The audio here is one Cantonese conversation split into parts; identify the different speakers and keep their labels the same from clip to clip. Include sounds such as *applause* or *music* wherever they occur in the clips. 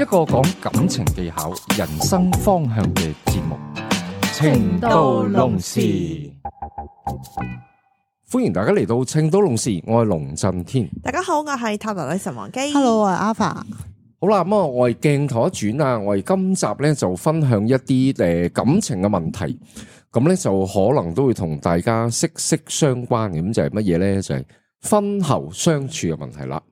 Speaker 1: 一個講感情技巧、人生方向嘅節目《情到龍匙》，歡迎大家嚟到《情到龍匙》，我係龍震天。
Speaker 2: 大家好，我係塔羅女神王基。Hello，我係 Alpha。
Speaker 1: 好啦，咁我係鏡頭一轉啊，我哋今集咧就分享一啲誒感情嘅問題，咁咧就可能都會同大家息息相關嘅。咁就係乜嘢咧？就係、是、婚後相處嘅問題啦。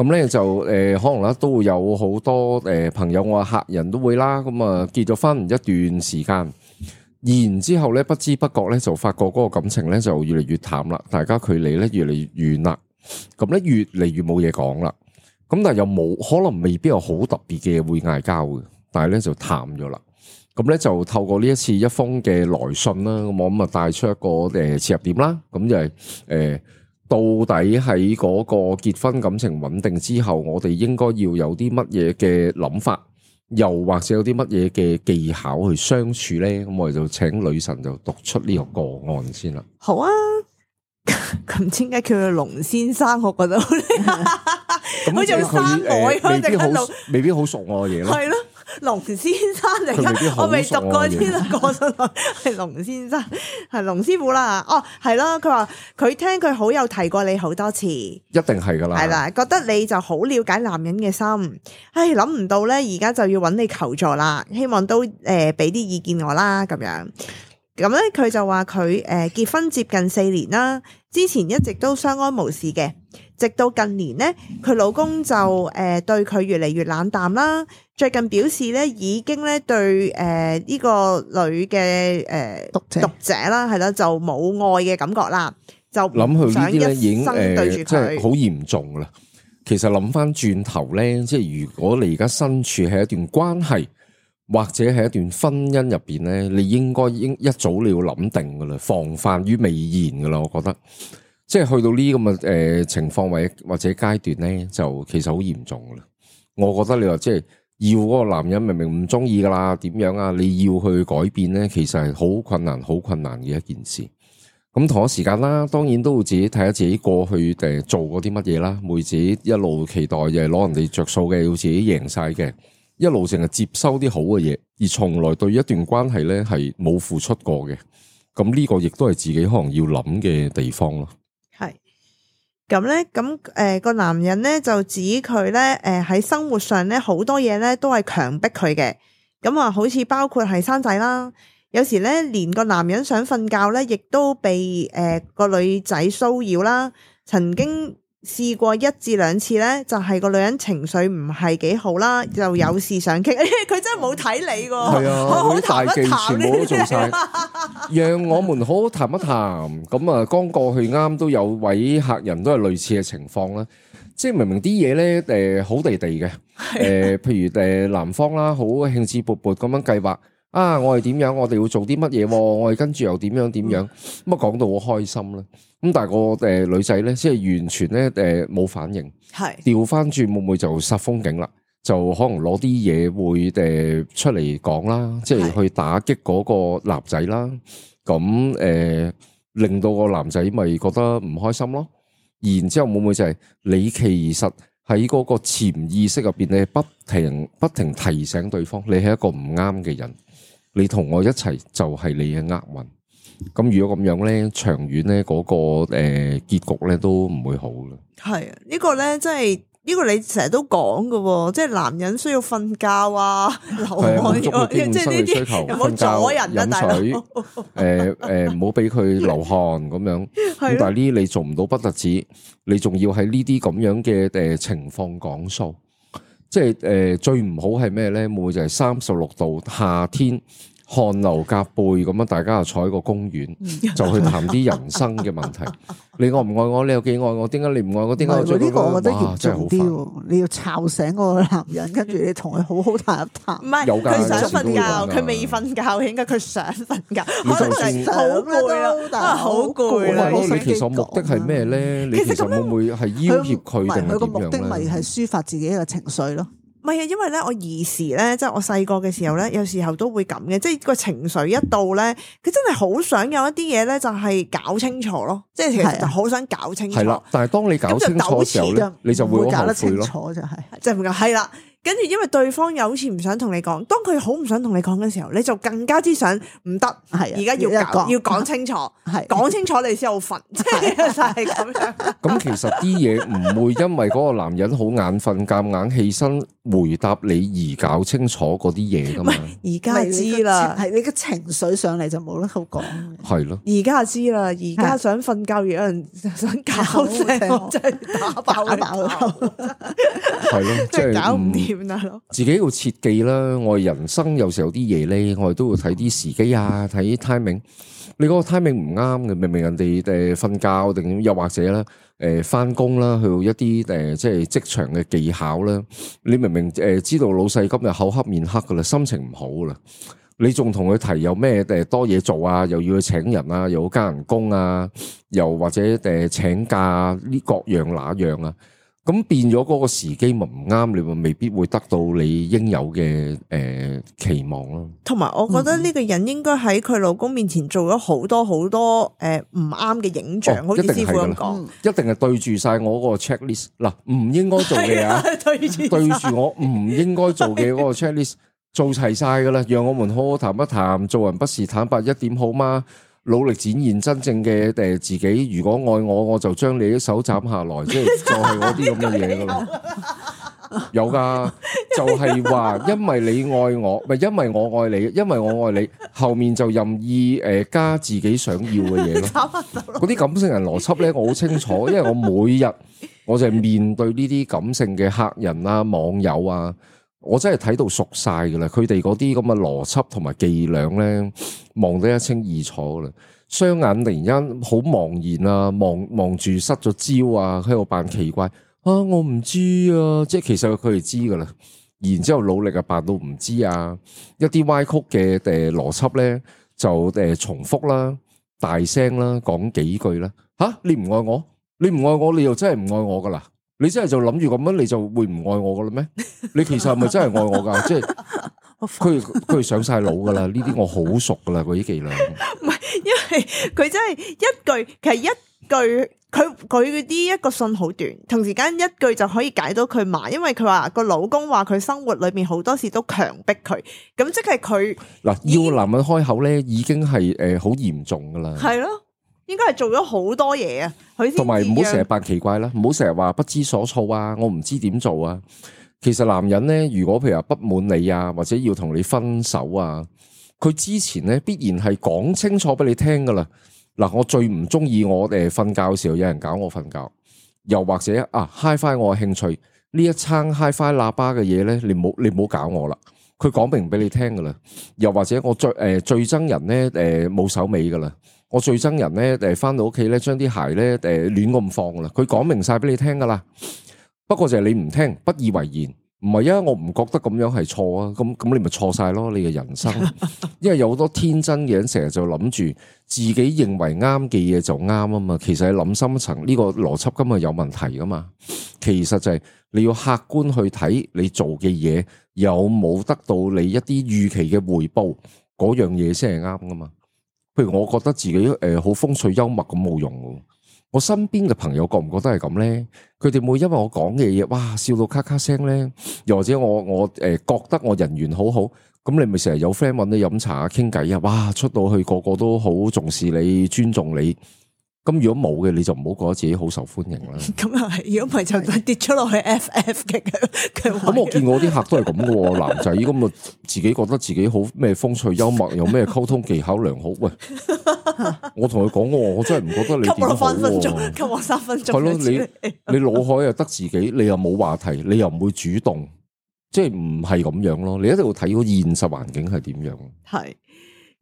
Speaker 1: 咁咧就誒、呃，可能咧都會有好多誒、呃、朋友，我客人都會啦。咁啊結咗婚一段時間，然之後咧不知不覺咧就發覺嗰個感情咧就越嚟越淡啦，大家距離咧越嚟越遠啦。咁咧越嚟越冇嘢講啦。咁但係又冇可能，未必有好特別嘅會嗌交嘅。但係咧就淡咗啦。咁咧就透過呢一次一封嘅來信啦，咁我咁啊帶出一個誒切、呃、入點啦。咁就係、是、誒。呃到底喺嗰個結婚感情穩定之後，我哋應該要有啲乜嘢嘅諗法，又或者有啲乜嘢嘅技巧去相處咧？咁我哋就請女神就讀出呢個個案先啦。
Speaker 2: 好啊，咁點解叫龍先生？我覺得
Speaker 1: 咁就佢未必好，未必好熟我嘅嘢咧。
Speaker 2: 龍先生嚟，我未讀過先啦，過咗係龍先生，係龍 *laughs* 師傅啦。哦，係咯，佢話佢聽佢好友提過你好多次，
Speaker 1: 一定係噶啦，係啦，
Speaker 2: 覺得你就好了解男人嘅心，唉，諗唔到咧，而家就要搵你求助啦，希望都誒俾啲意見我啦，咁樣。咁咧，佢就話佢誒結婚接近四年啦，之前一直都相安無事嘅，直到近年咧，佢老公就誒對佢越嚟越冷淡啦。最近表示咧，已經咧對誒呢個女嘅誒讀者啦，係啦者，就冇愛嘅感覺啦。就諗佢呢啲咧，已經誒、呃、即係好
Speaker 1: 嚴重啦。其實諗翻轉頭咧，即係如果你而家身處係一段關係。或者係一段婚姻入邊咧，你應該應一早你要諗定噶啦，防範於未然噶啦。我覺得，即係去到呢咁嘅誒情況或者或者階段咧，就其實好嚴重噶啦。我覺得你話即係要嗰個男人明明唔中意噶啦，點樣啊？你要去改變咧，其實係好困難、好困難嘅一件事。咁、嗯、同一時間啦，當然都會自己睇下自己過去誒做過啲乜嘢啦。妹子一路期待就係攞人哋着數嘅，要自己贏晒嘅。一路成日接收啲好嘅嘢，而從來對一段關係咧係冇付出過嘅，咁呢個亦都係自己可能要諗嘅地方咯。
Speaker 2: 係，咁咧，咁誒個男人咧就指佢咧，誒喺生活上咧好多嘢咧都係強迫佢嘅，咁啊，好似包括係生仔啦，有時咧連個男人想瞓覺咧，亦都被誒個女仔騷擾啦，曾經。試過一至兩次咧，就係、是、個女人情緒唔係幾好啦，就有事想傾，佢、嗯、 *laughs* 真係冇睇你個，我好大忌全部都做晒，
Speaker 1: *laughs* 讓我們好好談一談。咁啊，剛過去啱都有位客人都係類似嘅情況啦，即係明明啲嘢咧，誒、呃，好地地嘅，誒是的、呃，譬如誒男方啦，好興致勃勃咁樣計劃。啊！我係點樣？我哋會做啲乜嘢？我哋跟住又點樣點樣？乜啊，嗯，講到好開心啦。咁但係個誒女仔咧，即係完全咧誒冇反應，係調翻轉妹妹就煞風景啦，就可能攞啲嘢會誒出嚟講啦，即係去打擊嗰個男仔啦。咁誒是、呃、令到個男仔咪覺得唔開心咯。然之後妹妹就係、是、你其實喺嗰個潛意識入邊，你不停不停提醒對方，你係一個唔啱嘅人。你同我一齊就係你嘅厄運，咁如果咁樣咧，長遠咧嗰個誒結局咧都唔會好嘅。
Speaker 2: 係啊，呢、這個咧即係呢個你成日都講嘅喎，即係男人需要瞓覺啊，流汗即係呢啲，有冇阻人飲、啊、水？
Speaker 1: 誒誒、 *laughs* 呃，唔好俾佢流汗咁樣。 *laughs* 的但係呢，你做唔到不得止，你仲要喺呢啲咁樣嘅誒情況講數。即係誒、呃、最唔好係咩咧？會就係三十六度夏天。汗流浹背咁樣！大家又坐喺個公園，就去談啲人生嘅問題。你愛唔愛我？你有幾愛我？點解你唔愛我？點解？呢個我覺得嚴重啲，
Speaker 2: 你要吵醒嗰個男人，跟住你同佢好好談一談。唔係，佢想瞓覺，佢未瞓覺，應該佢想瞓覺。
Speaker 1: 可能想啦都，
Speaker 2: 但係好攰。咁啊，你其
Speaker 1: 實目的係咩咧？其實會唔會係要脅佢定係點樣咧？佢個目
Speaker 2: 的係抒發自己嘅情緒咯。唔係啊，因為咧，我兒時咧，即係我細個嘅時候咧，有時候都會咁嘅，即係個情緒一到咧，佢真係好想有一啲嘢咧，就係搞清楚咯，即係其實就好想搞清楚。係啦的，
Speaker 1: 但係當你搞清楚嘅時候咧，你就，就會搞得清楚的就
Speaker 2: 係，就係係啦。跟住因為對方又好似唔想同你講，當佢好唔想同你講嘅時候，你就更加之想唔得。係而家要搞要講清楚，講是的 清楚你先好瞓，即係咁樣。
Speaker 1: 咁其實啲嘢唔會因為嗰個男人好眼瞓、夾硬起身。回答你而搞清楚嗰啲嘢噶嘛？
Speaker 2: 而家知啦，係你嘅情緒上嚟就冇得好講。係咯，而家知啦，而家想瞓覺有人想搞，即係打爆打爆，
Speaker 1: 係咯， *laughs* 即係搞唔掂啦咯。自己要設計啦，我哋人生有時候啲嘢咧，我哋都會睇啲時機啊，睇 timing。你嗰個 timing 唔啱嘅，明明人哋誒瞓覺定又或者啦。誒返工啦，去到一啲誒、呃、即係職場嘅技巧啦。你明明誒知道老細今日口黑面黑㗎喇，心情唔好㗎喇，你仲同佢提有咩誒、呃、多嘢做啊，又要去請人啊，又要加人工啊，又或者誒、呃、請假啊，呢各樣那樣啊。咁變咗嗰個時機咪唔啱，你咪未必會得到你應有嘅誒期望咯。
Speaker 2: 同埋我覺得呢個人應該喺佢老公面前做咗好多好多誒唔啱嘅影像，好似師傅咁講，一
Speaker 1: 定係對住晒我個 checklist 嗱，唔應該做嘅啊，
Speaker 2: 對住對住我
Speaker 1: 唔應該做嘅嗰個 checklist 做齊晒噶啦。讓我們好好談一談，做人不是坦白一點好嗎？努力展現真正嘅誒自己。如果愛我，我就將你啲手斬下來，即係就係嗰啲咁嘅嘢咯。 *laughs* 有噶，就係話，因為你愛我，唔係因為我愛你，因為我愛你，後面就任意誒加自己想要嘅嘢咯。嗰啲 *laughs* 感性人邏輯咧，我好清楚，因為我每日我就係面對呢啲感性嘅客人啊、網友啊。我真係睇到熟晒噶啦，佢哋嗰啲咁嘅邏輯同埋伎倆咧，望得一清二楚噶啦。雙眼突然間好茫然啊，望望住失咗焦啊，喺度扮奇怪啊，我唔知啊。即係其實佢哋知噶啦，然之後努力啊扮到唔知啊，一啲歪曲嘅誒邏輯咧就誒重複啦、大聲啦、講幾句啦。吓、啊，你唔愛我，你唔愛我，你又真係唔愛我噶啦。你真係就諗住咁樣，你就會唔愛我噶啦咩？你其實係咪真係愛我噶？ *laughs* 即係佢佢上晒腦噶啦，呢啲 *laughs* 我好熟噶啦，嗰啲伎倆。唔
Speaker 2: 係，因為佢真係一句其實一句，佢佢啲一個信好短，同時間一句就可以解到佢埋。因為佢話個老公話佢生活裏面好多事都強迫佢，
Speaker 1: 咁即係佢嗱要男人開口咧，已經係誒好嚴重噶啦。係
Speaker 2: 咯。應該係做咗好多嘢啊！佢同埋唔好成日
Speaker 1: 扮奇怪啦，唔好成日話不知所措啊！我唔知點做啊！其實男人咧，如果譬如話不滿你啊，或者要同你分手啊，佢之前咧必然係講清楚俾你聽噶啦。嗱，我最唔中意我誒瞓、呃、覺嘅時候有人搞我瞓覺，又或者啊 hi-fi 我嘅興趣呢一餐 hi-fi 喇叭嘅嘢咧，你唔好你唔好搞我啦！佢講明俾你聽噶啦，又或者我最誒、呃、最憎人咧誒冇手尾噶啦。呃我最憎人咧，誒，翻到屋企咧，將啲鞋咧，誒，亂咁放啦。佢講明晒俾你聽噶啦。不過就係你唔聽，不以為然，唔係，因為我唔覺得咁樣係錯啊。咁咁，你咪錯晒咯，你嘅人生。 *laughs* 因為有好多天真嘅人，成日就諗住自己認為啱嘅嘢，就啱啊嘛。其實係諗深層呢個邏輯根本有問題噶嘛。其實就係你要客觀去睇，你做嘅嘢有冇得到你一啲預期嘅回報，嗰樣嘢先係啱噶嘛。譬如我覺得自己誒好風趣幽默咁，冇用，我身邊嘅朋友覺唔覺得係咁咧？佢哋會因為我講嘅嘢，哇笑到咔咔聲咧，又或者我我誒覺得我人緣好好，咁你咪成日有 friend 搵你飲茶啊傾偈啊，哇出到去個個都好重視你尊重你。咁如果冇嘅，你就唔好覺得自己好受歡迎啦。
Speaker 2: 咁又係，如果唔係就跌咗落去 F F
Speaker 1: 嘅咁。 *laughs* 我見過啲客都係咁嘅喎，男仔，如果自己覺得自己好咩風趣幽默，又咩溝通技巧良好，喂，我同佢講我我真係唔覺得你點都好，給我三分鐘，
Speaker 2: 給我三分鐘。係咯，你
Speaker 1: 你腦海又得自己，你又冇話題，你又唔會主動，即係唔係咁樣咯？你一定要睇到現實環境係點樣。
Speaker 2: 係。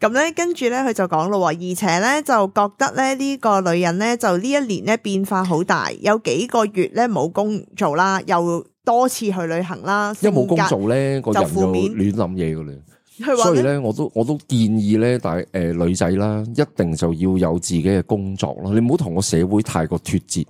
Speaker 2: 咁咧，跟住咧，佢就講咯，而且咧，就覺得咧呢個女人咧，就呢一年咧變化好大，有幾個月咧冇工做啦，又多次去旅行啦，因為冇工做咧，個人就
Speaker 1: 亂諗嘢噶啦，呢所以咧，我都我都建議咧，但係誒女仔啦，一定就要有自己嘅工作啦，你唔好同個社會太過脫節。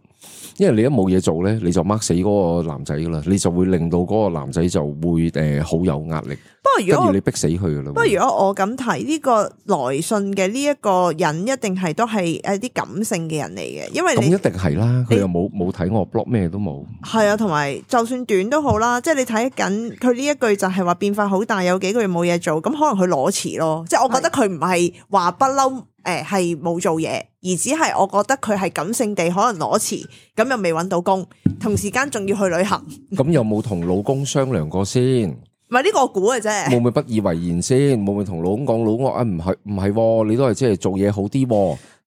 Speaker 1: 因為你一冇嘢做咧，你就 mark 死嗰個男仔噶啦，你就會令到嗰個男仔就會誒好有壓力。不過如果你逼死佢噶啦。不過
Speaker 2: 如果我咁睇呢個來信嘅呢一個人一定係都係一啲感性嘅人嚟嘅，因
Speaker 1: 為你一定係啦。佢又冇冇睇我 blog 咩都冇。
Speaker 2: 係啊，同埋就算短都好啦，即係你睇緊佢呢一句就係話變化好大，有幾個月冇嘢做，咁可能佢裸辭咯。即係我覺得佢唔係話不嬲。誒，係冇做嘢，而只係我覺得佢係感性地可能攞辭，咁又未揾到工，同時間仲要去旅行，
Speaker 1: 咁有冇同老公商量過先？唔係呢個我估嘅啫，冇咪不以為然先，冇咪同老公講老公，唔係唔係，你都係即係做嘢好啲，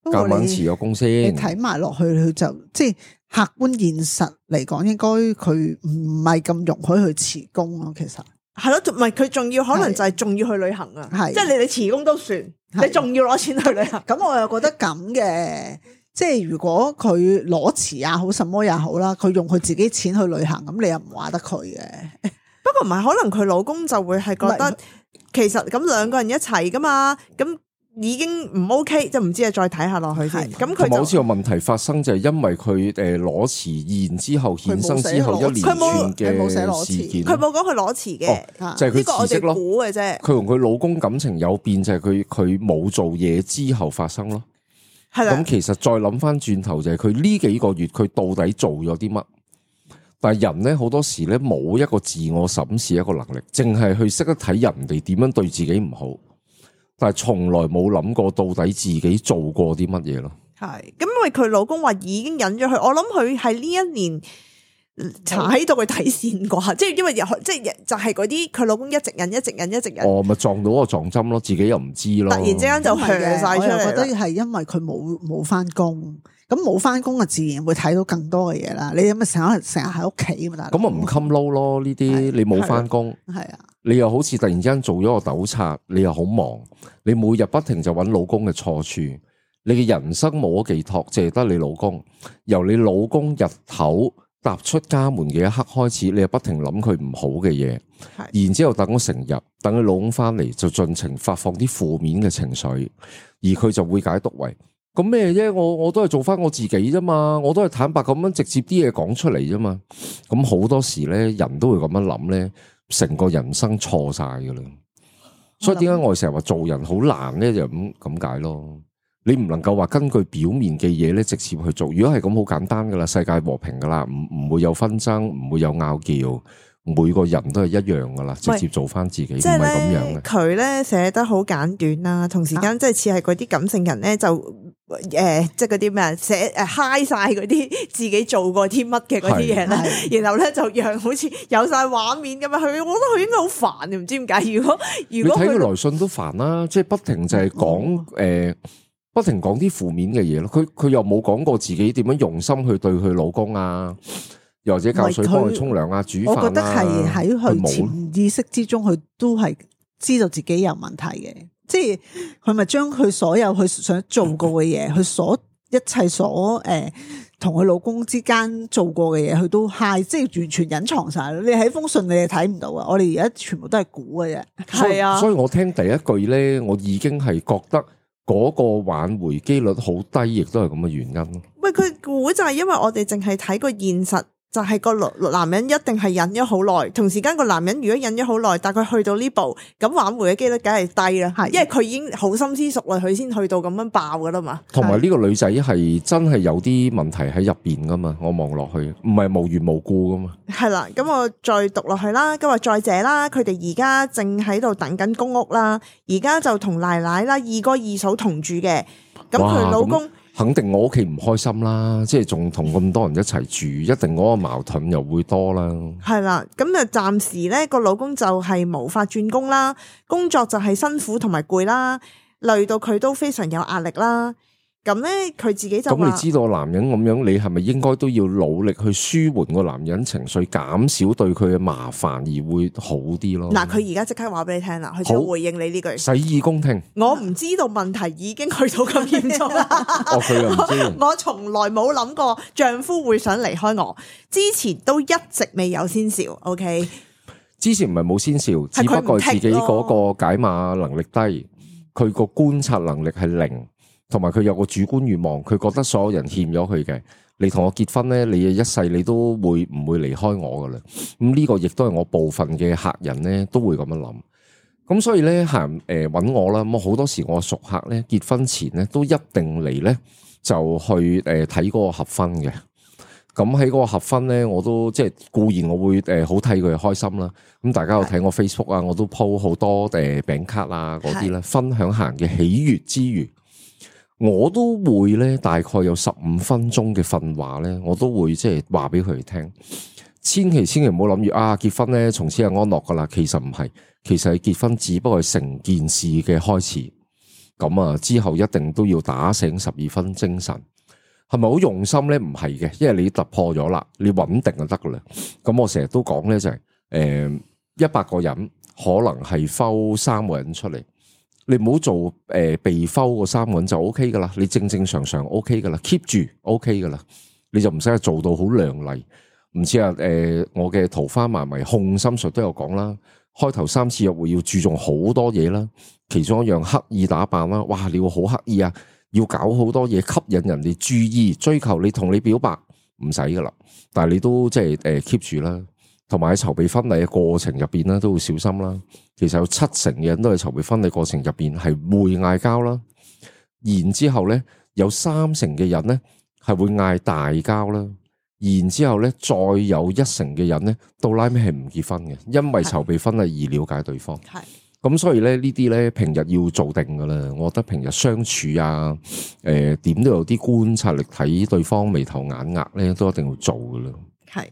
Speaker 1: 夾硬辭咗工先。你睇
Speaker 2: 埋落去佢就即係客觀現實嚟講，應該佢唔係咁容許去辭工咯，其實。係咯，唔係佢仲要可能就係仲要去旅行啊！的即係你你辭工都算，的你仲要攞錢去旅行，咁 *laughs* 我又覺得咁嘅。即係如果佢攞辭也好什麼也好啦，佢用佢自己錢去旅行，咁你又唔話得佢嘅。 *laughs* 不過唔係，可能佢老公就會係覺得， *laughs* 其實咁兩個人一齊噶嘛，咁。已經唔 OK，就唔知啊！再睇下落去先，咁佢就好似
Speaker 1: 個問題發生就係、是、因為佢誒裸辭，然之後衍生之後裸一連，連，連串嘅事件，佢冇
Speaker 2: 講佢裸辭嘅，就係佢辭職咯。
Speaker 1: 佢同佢老公感情有變，就係佢佢冇做嘢之後發生咯。咁的其實再諗翻轉頭就係佢呢幾個月佢到底做咗啲乜？但係人咧好多時咧冇一個自我審視一個能力，淨係去識得睇人哋點樣對自己唔好。但係從來冇諗過到底自己做過啲乜嘢咯。
Speaker 2: 係，咁因為佢老公話已經引咗佢，我諗佢係呢一年踩到佢底線啩，即係因為入即係就係嗰啲佢老公一直引、一直引、一直引，
Speaker 1: 我咪撞到個撞針咯，自己又唔知咯。突然之間就，我我覺得
Speaker 2: 係因為佢冇冇翻工，咁冇翻工啊，自然會睇到更多嘅嘢啦。你咁咪成可能成日喺屋企啊嘛，
Speaker 1: 咁啊唔襟撈咯呢啲，你冇翻工係啊。你又好似突然之間做咗個督察，你又好忙，你每日不停就揾老公嘅錯處，你嘅人生冇咗寄託，淨係得你老公。由你老公日頭踏出家門嘅一刻開始，你又不停諗佢唔好嘅嘢，的然之後等我成日等佢老公翻嚟，就盡情發放啲負面嘅情緒，而佢就會解讀為咁咩啫？我我都係做翻我自己啫嘛，我都係坦白咁樣直接啲嘢講出嚟啫嘛。咁好多時咧，人都會咁樣諗咧。成個人生錯晒噶啦，所以點解我哋成日話做人好難咧？就咁、是、咁解咯。你唔能夠話根據表面嘅嘢咧，直接去做。如果係咁，好簡單噶啦，世界和平噶啦，唔唔會有紛爭，唔會有拗撬。每個人都係一樣噶啦，直接做翻自己，唔係咁樣嘅。
Speaker 2: 佢咧寫得好簡短啦，同時間即係似係嗰啲感性人咧就誒、呃，即係嗰啲咩寫誒 high 晒嗰啲自己做過啲乜嘅嗰啲嘢啦，是然後咧的就讓好似有晒畫面咁啊！佢我覺得佢應該好煩啊，唔知點解。如果如果睇佢來
Speaker 1: 信都煩啦，即、就、係、是、不停就係講誒，不停講啲負面嘅嘢咯。佢佢又冇講過自己點樣用心去對佢老公啊。又或者教水幫佢沖涼啊，煮飯啊，我覺得係喺佢潛
Speaker 2: 意識之中，佢都係知道自己有問題嘅，即係佢咪將佢所有佢想做過嘅嘢，佢所一切所誒同佢老公之間做過嘅嘢，佢都係即係完全隱藏晒。你喺封信你係睇唔到啊！我哋而家全部都係估嘅啫。係啊，所以
Speaker 1: 我聽第一句咧，我已經係覺得嗰個挽回幾率好低，亦都係咁嘅原因咯。
Speaker 2: 唔係佢估就係因為我哋淨係睇個現實。就係個男人一定係忍咗好耐，同時間個男人如果忍咗好耐，但佢去到呢步，咁挽回嘅幾率梗係低啦，係的，因為佢已經好深思熟慮，佢先去到咁樣爆噶啦嘛。
Speaker 1: 同埋呢個女仔係真係有啲問題喺入邊噶嘛，我望落去，唔係無緣無故噶嘛。
Speaker 2: 係啦，咁我再讀落去啦，今日再者啦，佢哋而家正喺度等緊公屋啦，而家就同奶奶啦、二哥、二嫂同住嘅，咁佢老公
Speaker 1: 肯定我屋企唔開心啦，即係仲同咁多人一齊住，一定嗰個矛盾又會多啦。
Speaker 2: 係啦，咁啊暫時咧個老公就係無法轉工啦，工作就係辛苦同埋攰啦，累到佢都非常有壓力啦。咁咧，佢自己就咁。你知道
Speaker 1: 男人咁樣，你係咪應該都要努力去舒緩個男人情緒，減少對佢嘅麻煩，而會好啲咯？嗱，佢
Speaker 2: 而家即刻話俾你聽啦，佢好想回應你呢句。洗耳恭聽。我唔知道問題已經去到咁嚴重啦。我佢又唔知。我從來冇諗過丈夫會想離開我，之前都一直未有先兆。OK，
Speaker 1: 之前唔係冇先兆，只不過自己嗰個解碼能力低，佢個觀察能力係零。同埋佢有個主觀願望，佢覺得所有人欠咗佢嘅。你同我結婚咧，你嘅一世你都會唔會離開我噶啦？咁、嗯、呢、這個亦都係我部分嘅客人咧都會咁樣諗。咁、嗯、所以咧行誒揾、呃、我啦。咁、嗯、好多時我熟客咧結婚前咧都一定嚟咧，就去誒睇嗰個合婚嘅。咁喺嗰個合婚咧，我都即係固然我會誒好替佢開心啦。咁、嗯、大家有睇我 Facebook 啊，我都 po 好多誒餅、呃、卡啊嗰啲啦，分享行嘅喜悦之餘。我都會咧，大概有十五分鐘嘅訓話咧，我都會即係話俾佢哋聽。千祈千祈唔好諗住啊，結婚咧從此係安樂噶啦，其實唔係，其實係結婚只不過係成件事嘅開始。咁啊，之後一定都要打醒十二分精神，係咪好用心咧？唔係嘅，因為你突破咗啦，你穩定就得噶啦。咁我成日都講咧就係、是，誒、呃，一百個人可能係抽三個人出嚟。你唔好做誒備修個三揾就 OK 噶啦，你正正常常 OK 噶啦，keep 住 OK 噶啦，你就唔使去做到好靚麗。唔似啊誒，我嘅桃花漫迷控心術都有講啦，開頭三次約會要注重好多嘢啦，其中一樣刻意打扮啦，哇！你會好刻意啊，要搞好多嘢吸引人哋注意，追求你同你表白唔使噶啦，但係你都即係誒 keep 住啦。同埋喺籌備婚禮嘅過程入邊咧，都要小心啦。其實有七成嘅人都係籌備婚禮過程入邊係會嗌交啦。然之後咧，有三成嘅人咧係會嗌大交啦。然之後咧，再有一成嘅人咧到拉尾係唔結婚嘅，因為籌備婚禮而了解對方。係是。咁所以咧，呢啲咧平日要做定㗎喇。我覺得平日相處啊，誒、呃、點都有啲觀察力睇對方眉頭眼額咧，都一定要做㗎喇。
Speaker 2: 係。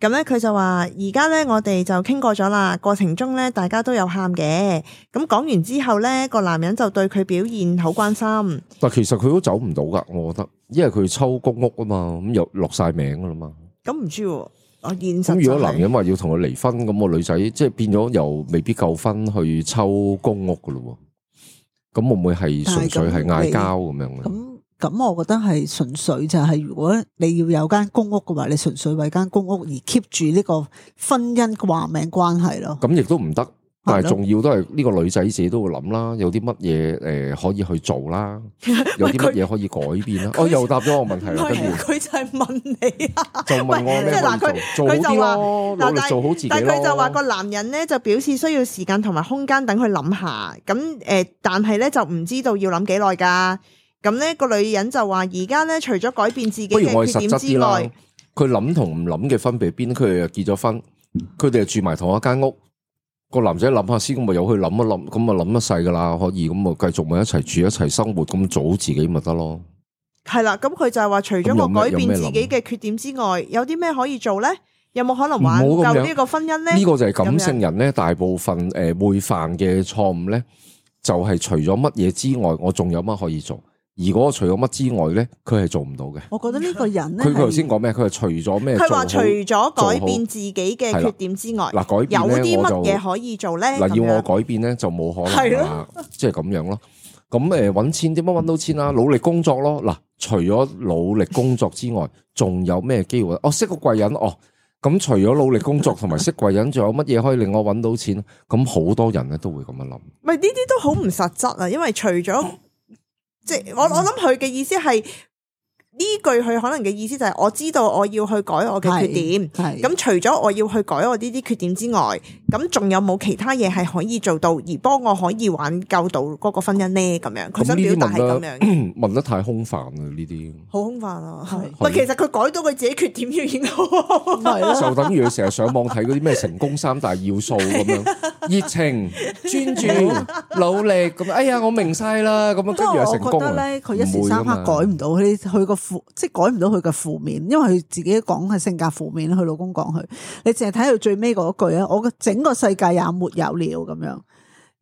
Speaker 2: 咁咧，佢就話而家咧，我哋就傾過咗啦。過程中咧，大家都有喊嘅。咁講完之後咧，個男人就對佢表現好關心。
Speaker 1: 但係其實佢都走唔到噶，我覺得，因為佢抽公屋啊嘛，咁又落晒名噶啦嘛。
Speaker 2: 咁唔知，
Speaker 1: 我現實咁，如果男人話要同佢離婚，咁個女仔即係變咗又未必夠分去抽公屋噶咯。咁會唔會係純粹係嗌交咁樣嘅？
Speaker 2: 咁我覺得係純粹就係，如果你要有間公屋嘅話，你純粹為間公屋而 keep 住呢個婚姻掛名關係咯。
Speaker 1: 咁亦都唔得，但係重要都係呢個女仔自己都會諗啦，有啲乜嘢誒可以去做啦，有啲乜嘢可以改變啦。我又答咗個問題啦。跟住佢
Speaker 2: 就係問你啊，就問我即係嗱，佢佢就話嗱，但係做好自己咯。但係佢就話個男人咧就表示需要時間同埋空間等佢諗下，咁誒，但係咧就唔知道要諗幾耐噶。咁呢個女人就話：而家咧，除咗改變自己嘅缺點之外，
Speaker 1: 佢諗同唔諗嘅分別邊？佢又結咗婚，佢哋又住埋同一間屋。個男仔諗下先，咁咪又去諗一諗，咁咪諗一世噶啦。可以咁咪繼續咪一齊住一齊生活，咁早自己咪得咯。
Speaker 2: 係啦，咁佢就係話，除咗我改變自己嘅缺點之外，有啲咩可以做咧？有冇可能挽救呢一個婚姻咧？呢、這個就係感性人
Speaker 1: 咧，大部分誒、呃、會犯嘅錯誤咧，就係、是、除咗乜嘢之外，我仲有乜可以做？如果除咗乜之外咧，佢係做唔到嘅。我
Speaker 2: 覺得呢個人咧，佢頭先
Speaker 1: 講咩？佢係除咗咩？佢話除咗改變自
Speaker 2: 己嘅缺點之外，嗱，改變有啲乜嘢可以做咧？嗱，要我
Speaker 1: 改變咧，樣就冇可能、啊、對啦，即係咁樣咯。咁誒，揾錢點樣揾到錢呀？努力工作咯。嗱，除咗努力工作之外，仲 *laughs* 有咩機會？哦，識個貴人哦。咁除咗努力工作同埋識貴人，仲有乜嘢可以令我揾到錢？咁好 *laughs* 多人咧都會咁樣諗。
Speaker 2: 咪呢啲都好唔實質啊！因為除咗 *laughs* 即係我我諗佢嘅意思係呢句，佢可能嘅意思就係我知道我要去改我嘅缺點，係咁是是 除咗我要去改我呢啲缺點之外，咁仲有冇其他嘢係可以做到而幫我可以挽救到個婚姻咧？咁樣佢想表達係咁樣，
Speaker 1: 問得太空泛啦呢啲。
Speaker 2: 化咯，是其實佢改到佢自己缺點先好，是的 *laughs* 就等
Speaker 1: 於佢成日上網睇嗰啲咩成功三大要素咁樣， *laughs* 熱情專注努力咁，哎呀我明晒啦，咁樣跟住但 成功啊，唔會㗎嘛，我覺得咧，佢一時三刻改唔到佢，
Speaker 2: 佢個負即係改唔到佢嘅負面，因為佢自己講係性格負面，佢老公講佢，你淨係睇佢最尾嗰句啊，我個整個世界也沒有了咁樣，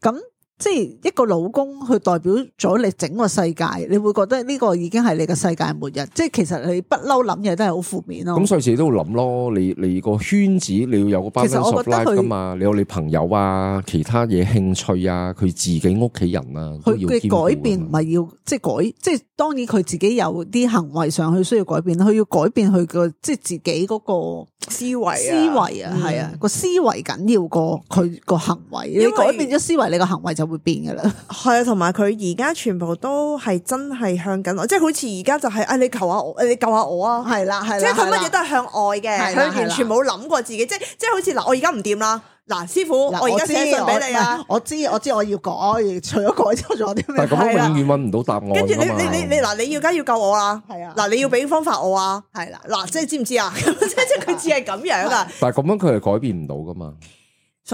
Speaker 2: 咁。即係一個老公去代表咗你整個世界，你會覺得呢個已經係你個世界末日。即係其實你不嬲諗嘢都係好負面咯。咁所
Speaker 1: 以自己都會諗咯，你你個圈子你要有個 balance life 噶嘛，你有你朋友啊，其他嘢興趣啊，佢自己屋企人啊。佢嘅改
Speaker 2: 變唔係要即係改，即係當然佢自己有啲行為上去需要改變，佢要改變佢個即係自己嗰、那個思維啊，嗯、思維啊，係啊，個思維緊要過佢個行為。因為你改變咗思維，你個行為就會變噶啦。係啊，同埋佢而家全部都係真係向緊我，即係 *laughs* 好似而家就係、是，誒、哎、你求下我，誒你救下我啊，係啦係啦，即係佢乜嘢都係向外嘅，佢完全冇諗過自己，即係即係好似嗱，我而家唔掂啦。嗱，師傅，啦我而家寫一信俾你啊！我知我，我知，我，知我要改，除咗改，仲有啲咩？但係咁樣永遠
Speaker 1: 揾唔到答案，啊。跟住你你你你
Speaker 2: 嗱，你要梗要救我啊！係啊，嗱，你要俾方法我啊！係、啊、啦，嗱，即係知唔知啊？咁 *laughs* 即即佢只係咁樣啊！
Speaker 1: 但係咁樣佢係改變唔到噶嘛。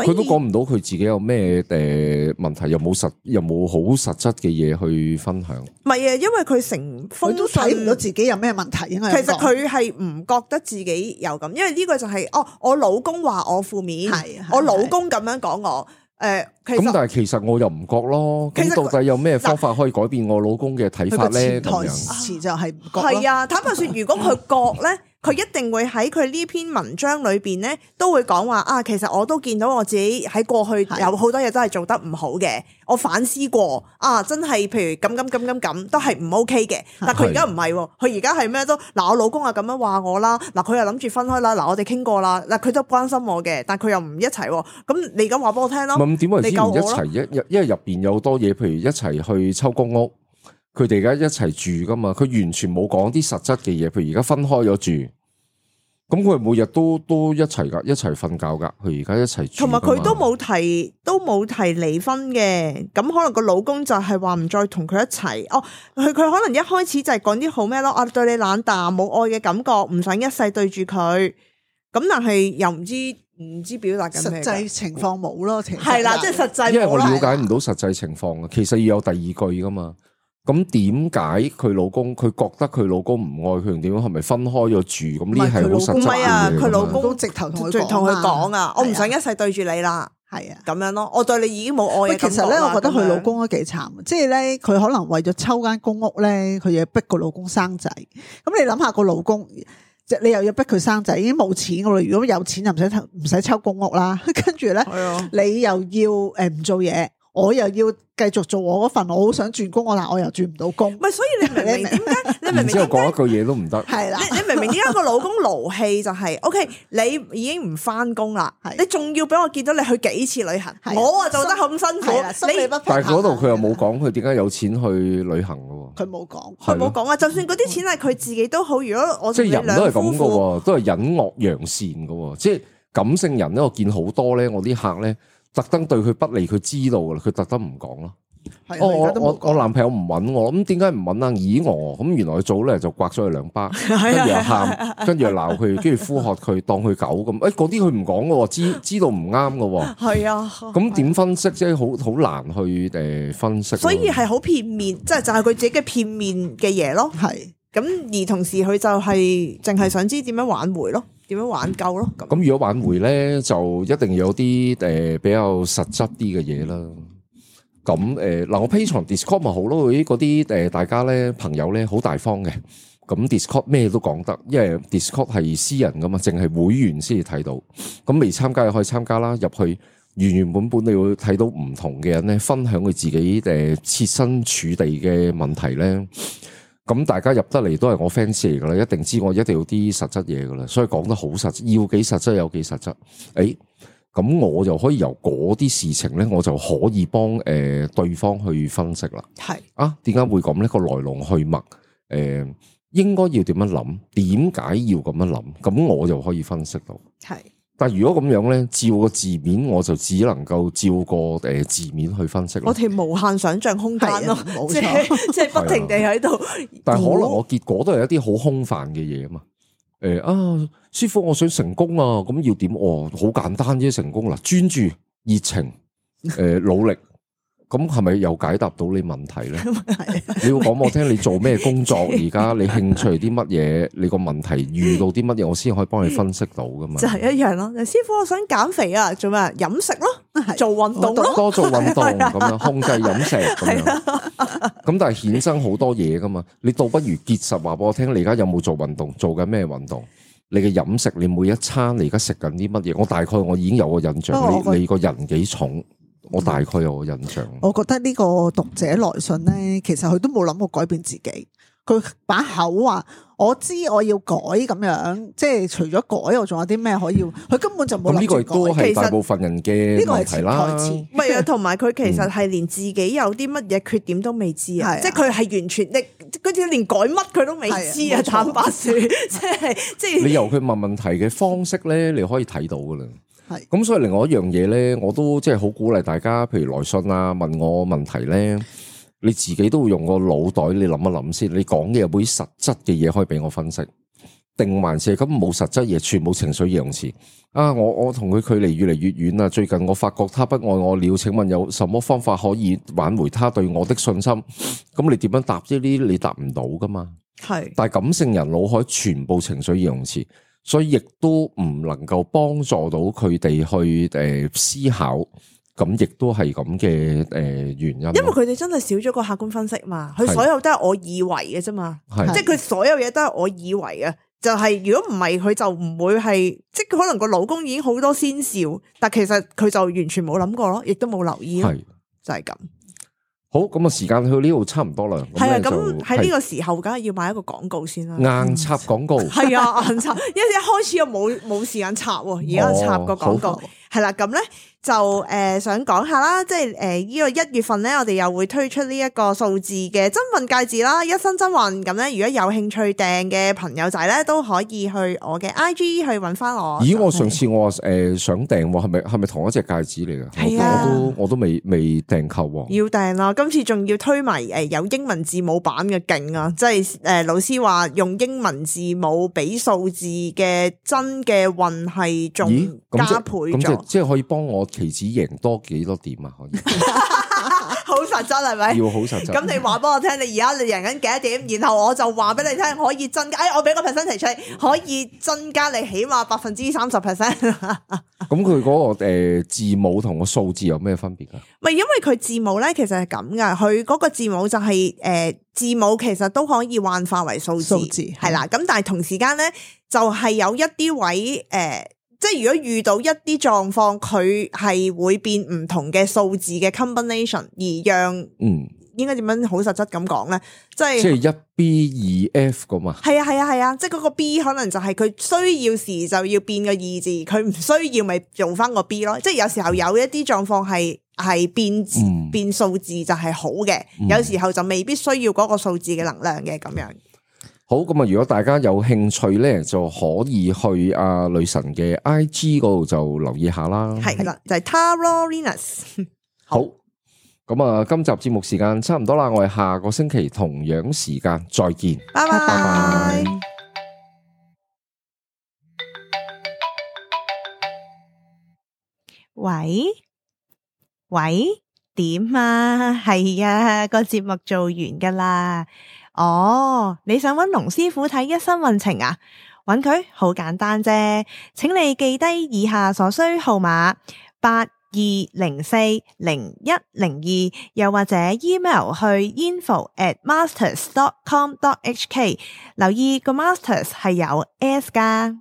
Speaker 1: 佢都講唔到佢自己有咩誒問題，又冇實又冇好實質嘅嘢去分享。
Speaker 2: 唔係啊，因為佢成封都睇唔到自己有咩問題。其實佢係唔覺得自己有咁，因為呢個就係、是、哦，我老公話我負面，我老公咁樣講我誒。咁、呃、但
Speaker 1: 係其實我又唔覺咯。咁到底有咩方法可以改變我老公嘅睇法咧？潛台
Speaker 2: 詞就係唔覺係啊，啊，坦白説， *laughs* 如果佢覺咧。佢一定會喺佢呢篇文章裏邊咧，都會講話啊！其實我都見到我自己喺過去有好多嘢都係做得唔好嘅，我反思過啊，真係譬如咁咁咁咁咁，都係唔 OK 嘅。但佢而家唔係，佢而家係咩都嗱、啊，我老公又咁樣話我啦，嗱、啊、佢又諗住分開啦，嗱、啊、我哋傾過啦，嗱、啊、佢都關心我嘅，但佢又唔一齊。咁、啊、你而家話俾我聽咯，嗯、你夠好咯。點解唔一齊？一
Speaker 1: 因為入邊有好多嘢，譬如一齊去抽公屋。佢哋而家一齊住噶嘛？佢完全冇講啲實質嘅嘢，譬如而家分開咗住，咁佢每日都都一齊噶，一齊瞓覺噶。佢而家一齊住。同埋佢都
Speaker 2: 冇提，都冇提離婚嘅。咁可能個老公就係話唔再同佢一齊。哦，佢佢可能一開始就係講啲好咩咯？啊，對你冷淡，冇愛嘅感覺，唔想一世對住佢。咁但係又唔知唔知表達緊咩？實際情況冇咯，情況係啦，即係實際。因為我了
Speaker 1: 解唔到實際情況啊，其實要有第二句噶嘛。咁點解佢老公佢覺得佢老公唔愛佢點樣？係咪分開咗住？咁呢係好實質嘅。唔係啊，佢老
Speaker 2: 公直頭同佢講啊，啊啊我唔想一世對住你啦。係啊，咁樣咯，啊，我對你已經冇愛。其實咧，樣我覺得佢老公都幾慘。即係咧，佢可能為咗抽間公屋咧，佢又要逼個老公生仔。咁你諗下個老公，即你又要逼佢生仔，已經冇錢噶啦。如果有錢又唔使唔使抽公屋啦。跟住咧，啊、你又要誒唔做嘢。我又要繼續做我嗰份，我好想轉工，我但係我又轉唔到工。唔係，所以你明唔明點解？你
Speaker 1: 明唔明？之後講一句嘢都唔得。係
Speaker 2: 啦，你明唔明而家個老公勞氣就係？O K，你已經唔翻工啦，你仲要俾我見到你去幾次旅行，我啊做得咁辛苦，心裏不平。但係嗰
Speaker 1: 度佢又冇講佢點解有錢去旅行噶？
Speaker 2: 佢冇講，佢冇講啊！就算嗰啲錢係佢自己都好，如果我即係人都係咁噶，
Speaker 1: 都係隱惡揚善噶，即係感性人咧，我見好多咧，我啲客咧。特登對佢不利，佢知道噶啦，佢特登唔講咯。我我我我男朋友唔揾我，咁點解唔揾啊？咦我，咁原來佢早咧就刮咗佢兩巴，跟住又喊，跟住又鬧佢，跟住呼喝佢，當佢狗咁。誒嗰啲佢唔講嘅喎，知道知道唔啱嘅喎。係啊的，咁點分析即係好好難去誒分析。的分析所以係
Speaker 2: 好片面，即係就係、是、佢自己嘅片面嘅嘢咯，係。咁而同時，佢就係淨係想知點樣挽回咯，點樣挽救咯。
Speaker 1: 咁咁、嗯、如果挽回咧，就一定要有啲誒、呃、比較實質啲嘅嘢啦。咁誒嗱，我 Patreon、Discord 咪好咯？嗰啲誒大家咧朋友咧好大方嘅。咁 Discord 咩都講得，因為 Discord 係私人噶嘛，淨係會員先至睇到。咁未參加又可以參加啦，入去原原本本你會睇到唔同嘅人咧，分享佢自己誒切、呃、身處地嘅問題咧。咁大家入得嚟都係我 fans 嚟噶啦，一定知我一定要啲實質嘢噶啦，所以講得好實質，要幾實質有幾實質。誒、欸，咁我就可以由嗰啲事情呢，我就可以幫誒對方去分析啦。係啊，點解會咁呢？個來龍去脈，誒、呃，應該要點樣諗？點解要咁樣諗？咁我就可以分析到。係。但係如果咁樣咧，照個字面我就只能夠照個誒字面去分析。我哋無
Speaker 2: 限想象空間咯，啊、即係是 *laughs* 冇錯、即係不停地喺度、啊。但係可能我
Speaker 1: 結果都係一啲好空泛嘅嘢，啊嘛。誒、哎、啊，師傅，我想成功啊，咁要點？哦，好簡單啫，成功啦，專注、熱情、誒、呃、努力。 *laughs* 咁係咪又解答到你問題咧？ *laughs* 你要講我聽，你做咩工作？而家 *laughs* 你興趣啲乜嘢？你個問題遇到啲乜嘢，我先可以幫你分析到噶嘛？就係
Speaker 2: 一樣咯。師傅，我想減肥啊，做咩？飲食咯，做運動咯，多做運動咁樣 *laughs*
Speaker 1: 控制飲食咁樣。咁 *laughs* 是的 *laughs* 但係衍生好多嘢噶嘛？你倒不如結實話俾我聽，你而家有冇做運動？做緊咩運動？你嘅飲食，你每一餐你而家食緊啲乜嘢？我大概我已經有個印象，是你 *laughs* 你，你個人幾重，重？我大概有印象。
Speaker 2: 我覺得呢個讀者來信咧，其實佢都冇諗過改變自己，佢把口話我知我要改咁樣，即係除咗改，我仲有啲咩可以？佢根本就冇諗住改。其實、嗯、大部
Speaker 1: 分人嘅呢個係潛台詞，
Speaker 2: 係啊。同埋佢其實係、嗯、連自己有啲乜嘢缺點都未知啊，即係佢係完全你嗰啲連改乜佢都未知啊。坦白說，即係即係你由
Speaker 1: 佢問問題嘅方式咧，你可以睇到噶啦。係咁，所以另外一樣嘢咧，我都即係好鼓勵大家，譬如來信啊，問我問題咧，你自己都會用個腦袋，你諗一諗先，你講嘅有冇啲實質嘅嘢可以俾我分析？定還是咁冇實質嘢，全部情緒形容詞啊！我我同佢距離越嚟越遠啦，最近我發覺他不愛我了，請問有什麼方法可以挽回他對我的信心？咁你點樣答？呢啲你答唔到噶嘛？係是，但係感性人腦海全部情緒形容詞。所以亦都唔能夠幫助到佢哋去誒思考，咁亦都係咁嘅誒原因。因為佢
Speaker 2: 哋真係少咗個客觀分析嘛，佢是的 所有都係我以為嘅啫嘛，是的 即係佢所有嘢都係我以為嘅。是的 就係如果唔係佢就唔會係，即係可能個老公已經好多先兆，但其實佢就完全冇諗過咯，亦都冇留意咯，是的 就係咁。
Speaker 1: 好，咁啊，時間去到呢度差唔多啦。係啊，咁喺呢個
Speaker 2: 時候，梗係要買一個廣告先
Speaker 1: 啦。硬插廣告，係、嗯、啊，
Speaker 2: 硬插，因為一一 *laughs* 開始又冇冇時間插，而家插個廣告。哦好好係啦，咁咧就誒、呃、想講下啦，即係誒呢個一月份咧，我哋又會推出呢一個數字嘅真運戒指啦，一生真運咁咧，如果有興趣訂嘅朋友仔咧，都可以去我嘅 IG 去搵翻我。咦，就是、
Speaker 1: 我上次我誒、呃、想訂喎，係咪係咪同一隻戒指嚟噶？係啊，我，我都我都，我都未未訂購喎。
Speaker 2: 要訂啦，今次仲要推埋誒有英文字母版嘅勁啊！即係誒、呃、老師話用英文字母比數字嘅真嘅運係仲加倍咗。
Speaker 1: 即係可以幫我期指贏多幾多點啊？可以，
Speaker 2: 好實質係咪？要好實質。咁 *laughs* 你話幫我聽，你而家你贏緊幾多點？然後我就話俾你聽，可以增加。哎、我俾個 percent 提出嚟，可以增加你起碼百分之三十 percent。
Speaker 1: 咁佢嗰個、呃、字母同個數字有咩分別㗎？
Speaker 2: 唔係因為佢字母咧，其實係咁㗎。佢嗰個字母就係、係、誒、呃、字母，其實都可以幻化為數字，係啦。咁、嗯、但係同時間咧，就係有一啲位誒。呃即係如果遇到一啲狀況，佢係會變唔同嘅數字嘅 combination，而讓嗯應該點樣好實質咁講咧？即係即係一
Speaker 1: B 二 F 咁嘛？
Speaker 2: 係啊係啊係啊！即係嗰個 B 可能就係佢需要時就要變個二字，佢唔需要咪用翻個 B 咯。即係有時候有一啲狀況係係變、嗯、變數字就係好嘅，有時候就未必需要嗰個數字嘅能量嘅咁樣。
Speaker 1: 好，咁啊！如果大家有興趣咧，就可以去阿女神嘅 IG 嗰度就留意下啦。係
Speaker 2: 啦，就係 Tara Linus。
Speaker 1: 好，咁啊，今集節目時間差唔多啦，我哋下個星期同樣時間再見。
Speaker 2: 拜拜。拜拜。喂喂，點啊？係啊，個節目做完噶啦。哦，你想揾龍師傅睇一生運程啊？揾佢好簡單啫，請你記低以下所需號碼：八二零四零一零二，2, 又或者 email 去 info@masters.com.hk，留意個 masters 係有 s 㗎。